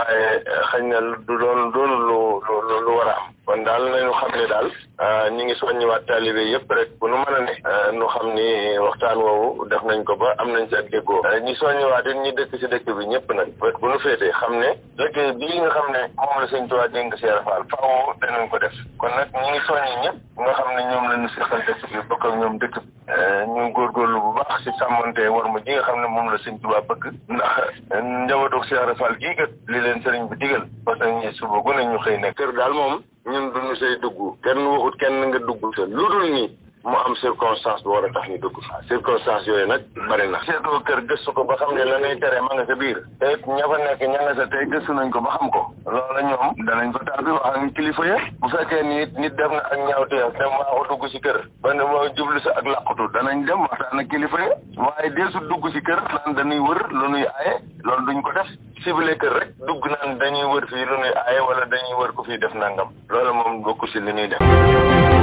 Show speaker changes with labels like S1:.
S1: waaye eh, xëy na du doon doon lu lu lu war a am kon daal na nañu xam ne daal ah, ñu ngi soññiwaat taalibe yëpp rek bu nu mën a ne ah, nu xam ni waxtaan woowu def nañ ko ba am nañ ci ak déggoo ah, ñi soññiwaat it ñu dëkk ci dëkk bi ñëpp nag bët bu nu féetee xam ne liggéey bii nga xam ne moom la sëñ Tuubaa dénk si Rafaal faaw danañ ko def kon nag ñi ngi soññi ñëpp nga xam ne ñoom lañu seqal dëkk bi bokk ñoom dëkk bi Euh, ñu góorgóorlu bu baax si sàmmante war ma ji nga xam ne moom la sëñ Tuubaa bëgg ndax euh, njabootu Cheikh Ibra Fall gii kat li leen sëriñ bi digal parce que ñi suba gu ne ñu xëy nekk kër daal moom ñun duñu say dugg kenn waxut kenn nga dugg sa lu dul nii circonstance bu war a tax ñu dugg fa circonstance yooyu nag bari na seetoo kër gëstu ko ba xam ne la lay tere ma nga sa biir te ña fa nekk ña nga sa tey gëstu nañ ko ba xam ko loola ñoom danañ ko taal bi wax ak kilifa ya bu fekkee nit nit def na ak ñaawteef te maa ko dugg si kër ba ne moo jublu sa ak làqutu danañ dem waxtaan ak kilifa ya waaye dee su dugg ci kër naan dañuy wër lu nuy aaye loolu duñ ko def ciblé kër rek dugg naan dañuy wër fii lu wala dañuy wër ku fii def nangam loolu moom bokku si li ñuy def